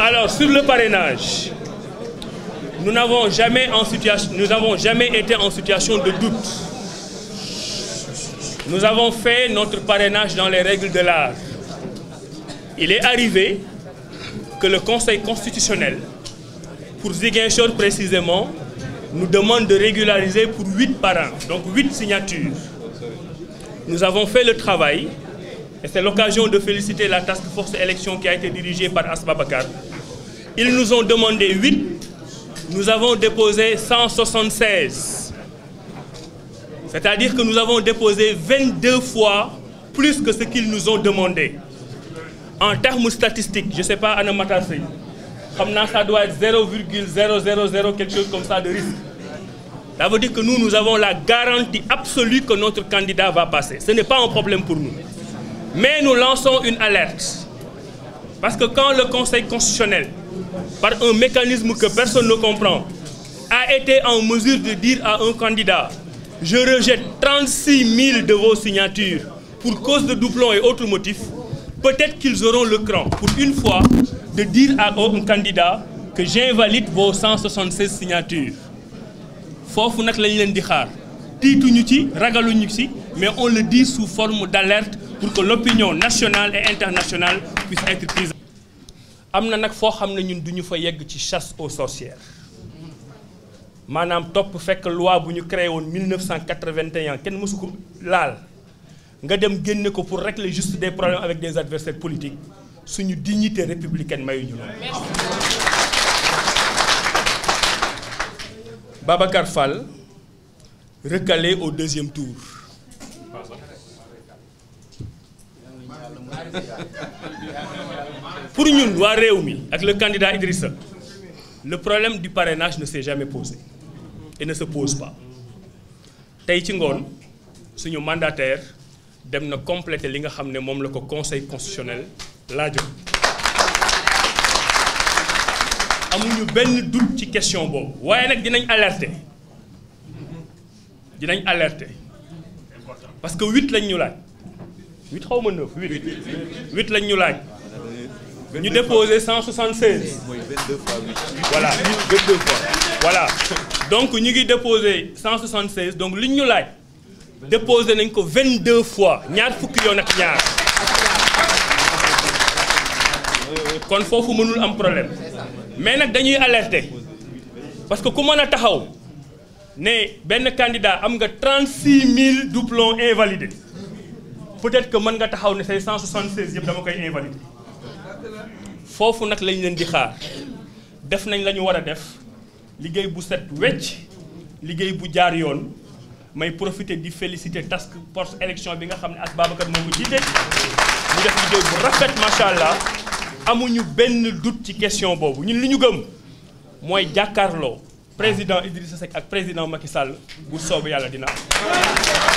Alors, sur le parrainage, nous n'avons jamais, en situation, nous avons jamais été en situation de doute. Nous avons fait notre parrainage dans les règles de l'art. Il est arrivé que le Conseil constitutionnel, pour Ziguinchor précisément, nous demande de régulariser pour huit parrains, donc huit signatures. Nous avons fait de féliciter la task force élection qui a été dirigée par Asma Bakar. Ils nous ont demandé huit, nous avons déposé 176. C'est-à-dire que nous avons déposé 22 fois plus que ce qu'ils nous ont demandé. En pas, Anna Matassi, xam naa ça doit être zéro virgule zéro zéro zéro quelque chose comme ça de risque ça la garantie une alerte parce que quand le Conseil constitutionnel par mécanisme que personne ne comprend a été en mesure à un candidat je rejette 36 000 pour cause de Peut-être qu'ils auront le cran, pour une fois, de dire à un candidat que j'invalide vos 176 signatures. foofu nag lañu leen di xaar tiituñu ci ragaluñu ci mais on le dit sous forme d'alerte pour que l'opinion nationale et internationale puisse être prise. am na nag foo xam ne ñun duñu fa yegg ci chasse aux sorcières maanaam topp fekk loi bu ñu créé woon 1981 kenn mosu ko laal. nga dem génne ko pour régler juste des problèmes avec des adversaires politiques suñu dignité républicaine mayuñu loolu Babacar Fall recalé au deuxième tour pour ñun waa réew mi ak le candidat Idrissa le problème du parrainage ne s'est jamais posé et ne se pose pas tey ci ngoon suñu mandataire dem na compléter li nga xam ne moom la ko conseil constitutionnel laajoon amuñu benn doute ci question boobu waaye nag dinañ alerter dinañ alerte parce que huit lañ ñu laaj huit xaw ma neuf huit huit lañ ñu laaj ñu déposé 176 voilà voilà donc ñu ngi déposé 176 donc liñ ñu laaj déposé nañ ko vingt deux fois ñaar fukki yoon ak ñaar kon foofu mënul am problème mais nag dañuy alerter parce que ku mën a taxaw ne benn candidat am nga 36000 doublons invalidés peut-être que mën nga taxaw ne say 176 yëpp dama koy invalider foofu nag lañ leen di xaar def nañ lañu war a def liggéey bu set wecc liggéey bu jaar yoon. may profité di félicité task force élection bi nga xam ne ak Babacar moo ko jiite ñu def liggéey bu rafet macha allah amuñu benn doute ci question boobu ñun li ñu gëm mooy jàkkaarloo président Idrissa Seck ak président Macky Sall bu soobu yàlla dina am